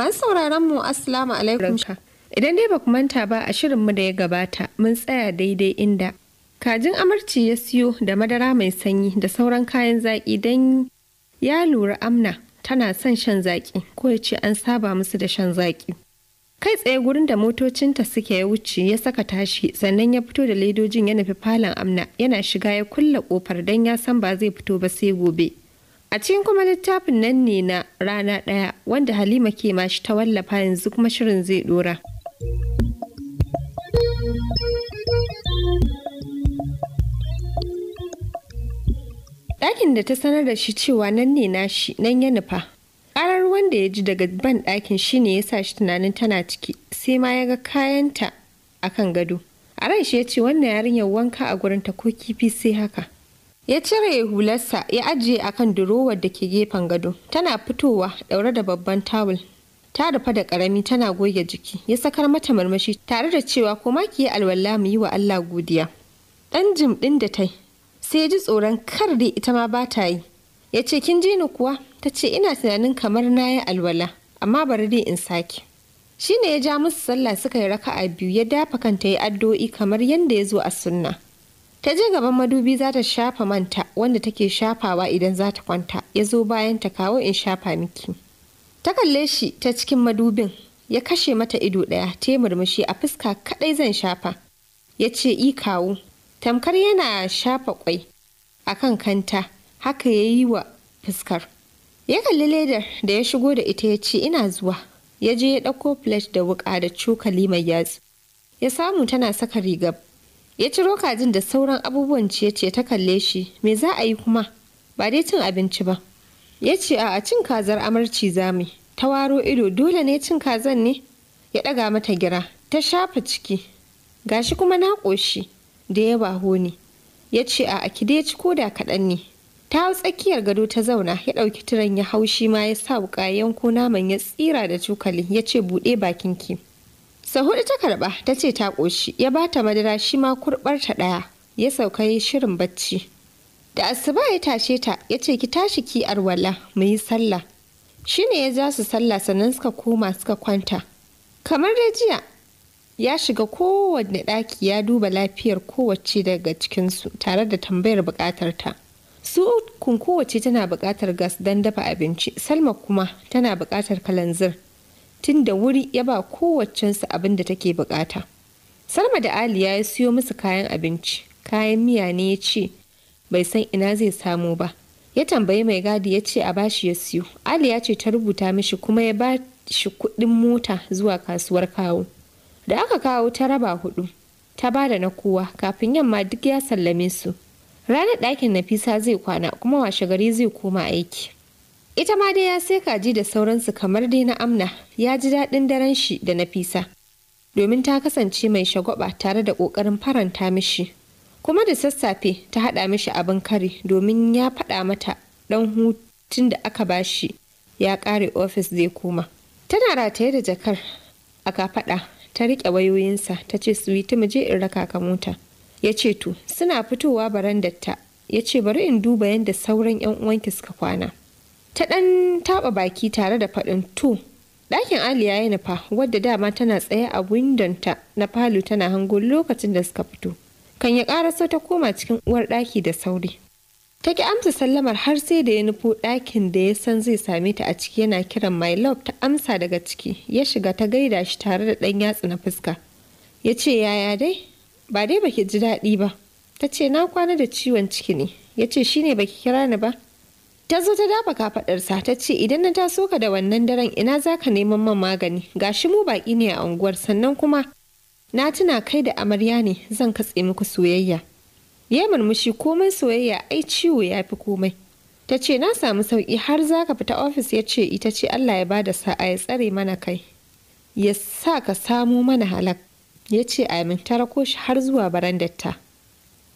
Masu sauraron mu Assalamu alaikum. Idan dai ba ku manta ba a shirin mu da ya gabata mun tsaya daidai inda kajin amarci ya siyo da madara mai sanyi da sauran kayan zaƙi don ya lura amna tana son shan zaƙi ko ya ce an saba musu da shan zaƙi. Kai tsaye gurin da motocinta suke ya wuce ya saka tashi sannan ya fito da ledojin ya nufi falon amna yana shiga ya kulle kofar don ya san ba zai fito ba sai gobe. A cikin kuma littafin nan ne na rana ɗaya wanda Halima ke mashi ta wallafa yanzu kuma shirin zai ɗora. Ɗakin da ta sanar da shi cewa nan ne nashi nan ya nufa. Ƙarar wanda ya ji daga ban ɗakin shi ne ya sa shi tunanin tana ciki sai ma ya ga kayanta a kan gado. A ran shi ya ce wannan yarinyar wanka a gurinta ko kifi sai haka. Ya cire hularsa ya ajiye a kan durowar da ke gefen gado. Tana fitowa ɗaure da babban tawul. Ta rufa da karami tana goge jiki. Ya sakar mata marmashi tare da cewa koma ki yi alwala mu yi wa Allah godiya. Dan jim ɗin da tai. Sai ya ji tsoron kar dai ita ma ba ta yi. Ya ce kin ji ni kuwa? Ta ce ina tunanin kamar na yi alwala amma bari dai in sake. Shi ne ya ja musu sallah suka yi raka'a biyu ya dafa kanta ya addu'o'i kamar yadda ya zo a sunna. ta je gaban madubi za ta shafa manta wanda take shafawa idan za ta kwanta ya zo bayan ta kawo in shafa miki ta kalle shi ta cikin madubin ya kashe mata ido ɗaya ta murmushi a fuska kaɗai zan shafa ya ce i kawo tamkar yana shafa kwai a kan kanta haka ya yi wa fuskar ya kalli ledar da ya shigo da ita ya ce ina zuwa ya je ya ɗauko plate da wuƙa da cokali mai yatsu ya samu tana saka rigar ya ciro kajin da sauran abubuwan ciye-ciye ta kalle shi me za a yi kuma ba dai cin abinci ba ya ce a cin kazar amarci zami ta waro ido dole ne cin kazan ne ya ɗaga mata gira ta shafa ciki gashi kuma na ƙoshi da ya yawa ne ya ce a ki dai ci koda kaɗan ne ta hau tsakiyar gado ta zauna ya ɗauki tiran ya haushi ma ya sa wuƙa yanko naman ya tsira da cokali ya ce buɗe bakin ki. Sahudu ta karba ta ce ta ƙoshi ya ba ta madara shi ma kurɓar ta ɗaya ya sauka yi shirin bacci. Da asuba ya tashe ta ya ce ki tashi ki arwala mu yi sallah. Shi ne ya ja su sallah sannan suka koma suka kwanta. Kamar da jiya ya shiga kowanne ɗaki ya duba lafiyar kowace daga cikinsu tare da tambayar buƙatar ta. Su kun kowace tana buƙatar gas don dafa abinci, Salma kuma tana buƙatar kalanzir. tun da wuri ya ba kowaccensu abin da take bukata. Salma da Ali ya siyo musu kayan abinci, kayan miya ne ya ce bai san ina zai samu ba. Ya tambayi mai gadi ya ce a bashi ya siyo. Ali ya ce ta rubuta mishi kuma ya ba shi kuɗin mota zuwa kasuwar kawo. Da aka kawo ta raba hudu, ta ba da na kowa kafin yamma duk ya sallame su. Ranar ɗakin Nafisa zai kwana kuma washe gari zai koma aiki. ita ma dai ya sai kaji da sauransu kamar dai na amna ya ji daɗin daren shi da na fisa, domin ta kasance mai shagwaba tare da ƙoƙarin faranta mishi kuma da sassafe ta haɗa mishi abin kari, domin ya faɗa mata ɗan hutun da aka ba shi ya ƙare ofis zai koma tana rataye da jakar a kafaɗa ta riƙe wayoyinsa ta ce suwiti mu je in raka ka mota ya ce to suna fitowa barandatta, ya ce bari in duba yadda sauran 'yan uwanki suka kwana ta ɗan taɓa baki tare da faɗin tu ɗakin aliya ya nufa wadda dama tana tsaye a windonta na falo tana hango lokacin da suka fito kan ya ƙaraso ta koma cikin uwar ɗaki da sauri ta ki amsa sallamar har sai da ya nufo ɗakin da ya san zai same ta a ciki yana kiran my love ta amsa daga ciki ya shiga ta gaida shi tare da ɗan yatsu na fuska ya ce yaya dai ba dai baki ji daɗi ba ta ce na kwana da ciwon ciki ne ya ce shine baki kira ni ba ta zo ta dafa kafaɗarsa ta ce idan na taso ka da wannan daren ina za ka neman man magani gashi mu baƙi ne a unguwar sannan kuma na tuna kai da amarya ne zan katse muku soyayya ya murmushi komai soyayya ai ciwo ya fi komai ta ce na samu sauki har za ka fita ofis ya ce ita ce allah ya bada sa'a ya tsare mana kai ya sa ka samo mana halak ya ce amin ta rako shi har zuwa barandatta.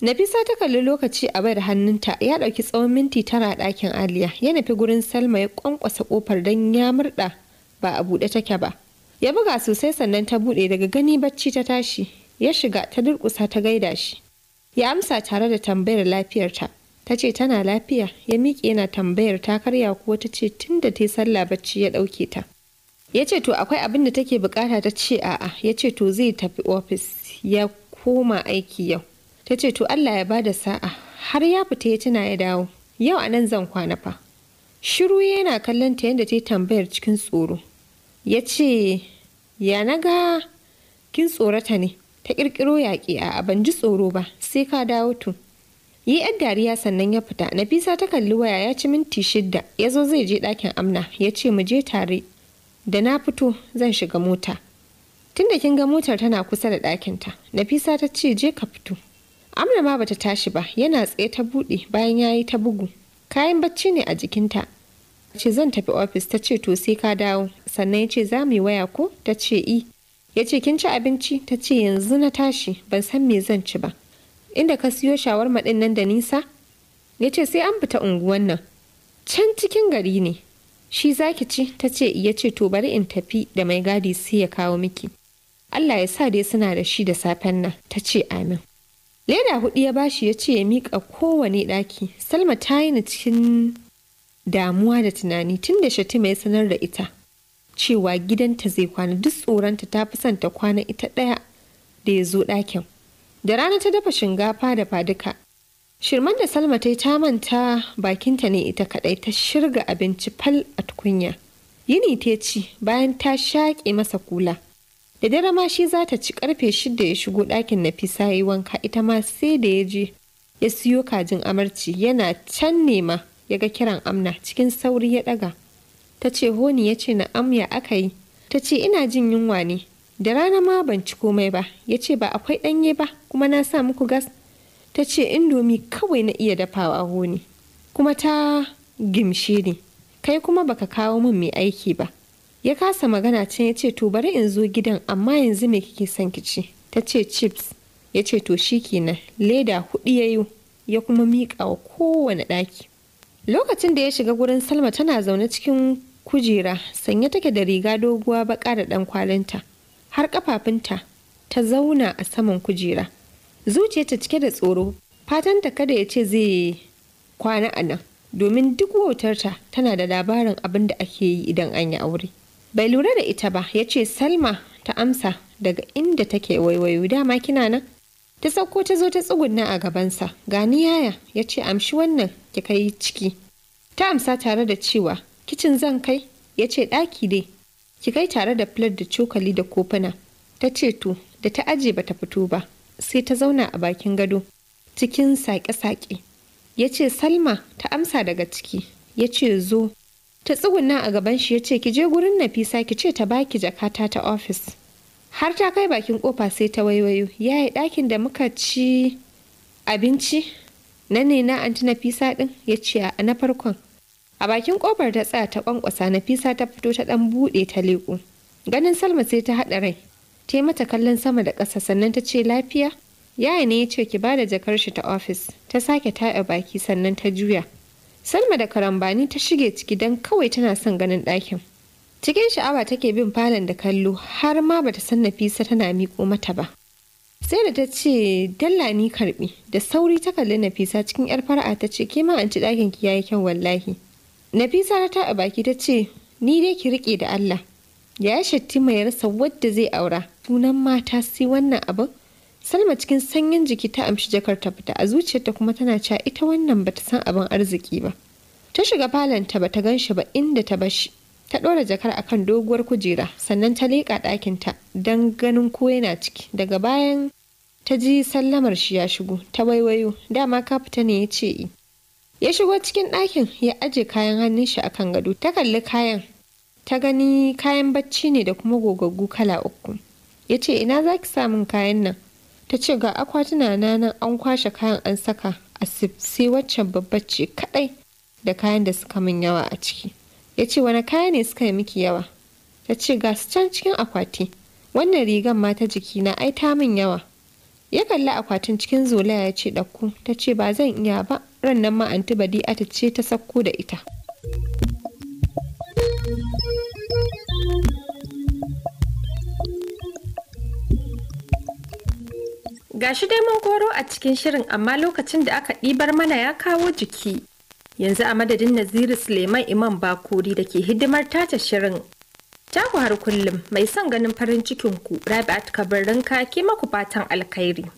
Nafisa ta kalli lokaci a bayar hannunta ya ɗauki tsawon minti tana ɗakin Aliya ya nufi gurin Salma ya kwankwasa ƙofar don ya murɗa ba a buɗe take ba. Ya buga sosai sannan ta buɗe daga gani bacci ta tashi ya shiga ta durƙusa ta gaida shi. Ya amsa tare da tambayar lafiyarta. Ta ce tana lafiya ya miƙe yana tambayar ta karya kuwa ta ce tun da ta yi sallah bacci ya ɗauke ta. Ya ce to akwai abin da take bukata ta ce a'a ya ce to zai tafi ofis ya koma aiki yau. ta ce to Allah ya bada sa'a har ya fita ya tuna ya dawo yau anan zan kwana fa shiru yana kallon ta yadda ta yi tambayar cikin tsoro ya ce ya na ga kin tsorata ne ta ƙirƙiro yaƙi a ban ji tsoro ba sai ka dawo tu. yi yan dariya sannan ya fita nafisa ta kalli waya ya ci minti shidda ya zo zai je ɗakin amna ya ce mu je tare da na fito zan shiga mota tunda kin ga motar tana kusa da ɗakinta nafisa ta ce je ka fito amna ma bata tashi ba yana tsaye ta buɗe bayan ya yi ta bugu kayan bacci ne a jikinta ce zan tafi ofis ta ce to sai ka dawo sannan ya ce za mu yi waya ko ta ce i ya ce kin ci abinci ta ce yanzu na tashi ban san me zan ci ba inda ka siyo shawarma ɗin nan da nisa ya ce sai an fita unguwan nan can cikin gari ne shi zaki ci ta ce ya ce to bari in tafi da mai gadi sai ya kawo miki Allah ya sa dai suna da shi da safen nan ta ce amin leda hudu ya bashi ya ce ya mika kowane ɗaki salma ta yi na cikin damuwa da tunani tun da shatima ya sanar da ita cewa gidanta zai kwana duk tsoronta ta fi son ta kwana ita ɗaya da ya zo ɗakin da rana ta dafa shingafa da faduka shirman da salma ta yi ta manta bakinta ne ita kaɗai ta shirga abinci fal a tukunya yini ta ci bayan ta shaƙe masa kula da dare ma shi za ta ci karfe shida ya shigo ɗakin na fisa yi wanka ita ma sai da ya je ya siyo kajin amarci yana can nema ya ga kiran amna cikin sauri ya ɗaga ta ce honi ya ce na amya aka yi ta ce ina jin yunwa ne da rana ma ban ci komai ba ya ce ba akwai ɗanye ba kuma na sa muku gas ta ce indomi kawai na iya dafawa honi kuma ta gimshi ne kai kuma baka kawo min mai aiki ba ya kasa magana can ya ce to bari in zo gidan amma yanzu me kike son ki ci ta ce chips ya ce to shikenan leda hudu ya yi ya kuma miƙa wa kowane ɗaki lokacin da ya shiga gurin salma tana zaune cikin kujera sanye take da riga doguwa baka da ɗan kwalinta har ƙafafunta ta zauna a saman kujera zuciyarta cike da tsoro fatanta kada ya ce zai kwana a nan domin duk wautarta tana da labarin abin da ake yi idan an yi aure bai lura da ita ba ya ce salma ta amsa daga inda take waiwayo dama kina nan ta sauko ta zo ta tsugunna a gabansa gani yaya ya ce amshi wannan ki kai ciki ta amsa tare da cewa kicin zan kai ya ce ɗaki dai ki kai tare da filar da cokali da kofuna ta ce to da ta aje bata fito ba sai ta zauna a bakin gado cikin saƙe-saƙe ya ce salma ta amsa daga ciki ya ce zo ta tsuguna a gaban shi ya ce ki je gurin nafisa ki ce ta baki jakata ta ofis har ta kai bakin kofa sai ta waiwayo ya yi ɗakin da muka ci abinci na ne na anti nafisa ɗin ya ce a na farkon a bakin kofar ta tsaya ta kwankwasa nafisa ta fito ta ɗan buɗe ta leƙo ganin salma sai ta haɗa rai ta mata kallon sama da ƙasa sannan ta ce lafiya yaya ne ya ce ki ba da jakar shi ta ofis ta sake taɓa baki sannan ta juya Salma da karambani ta shige ciki don kawai tana son ganin ɗakin. Cikin sha'awa take bin falon da kallo har ma bata san Nafisa tana miƙo mata ba. Sai da ta ce dalla ni karbi da sauri ta kalli Nafisa cikin yar fara'a ta ce ke ma an ci ɗakin ki yayi kyau wallahi. Nafisa ta taɓa baki ta ce ni dai ki riƙe da Allah. Ya shatti mai rasa wadda zai aura sunan mata sai wannan abin Salma cikin sanyin jiki ta amshi jakar ta fita a zuciyarta kuma tana cewa ita wannan bata san abin arziki ba. Ta shiga falon ta bata gan shi ba inda ta bashi. Ta ɗora jakar akan doguwar kujera sannan ta leƙa ta don ganin ko yana ciki daga bayan ta ji sallamar shi ya shigo ta waiwayo dama ka fita ne ya ce i. Eh. Ya shigo cikin ɗakin ya aje kayan hannun shi akan gado ta kalli kayan ta gani kayan bacci ne da kuma gogaggu kala uku. Ya ce ina za ki samun kayan nan? ta ce ga akwatuna na nan an kwashe kayan an saka a sai waccan babbar ce kadai da kayan da suka min yawa a ciki ya ce wani kaya ne suka yi miki yawa ta ce ga su can cikin akwati wannan rigan ma ta jiki na ai ta min yawa ya kalli akwatin cikin zolaya ya ce ɗauko ta ce ba zan iya ba ran nan ma anti ta ce ta sakko da ita Gashi dai mun goro a cikin shirin amma lokacin da aka ɗibar mana ya kawo jiki. Yanzu a madadin Naziru Suleiman Imam Bakuri da ke hidimar tace shirin. Taku har kullum mai son ganin farin cikin ku Rabi'at Kabarin Kaki ke maku fatan alkhairi.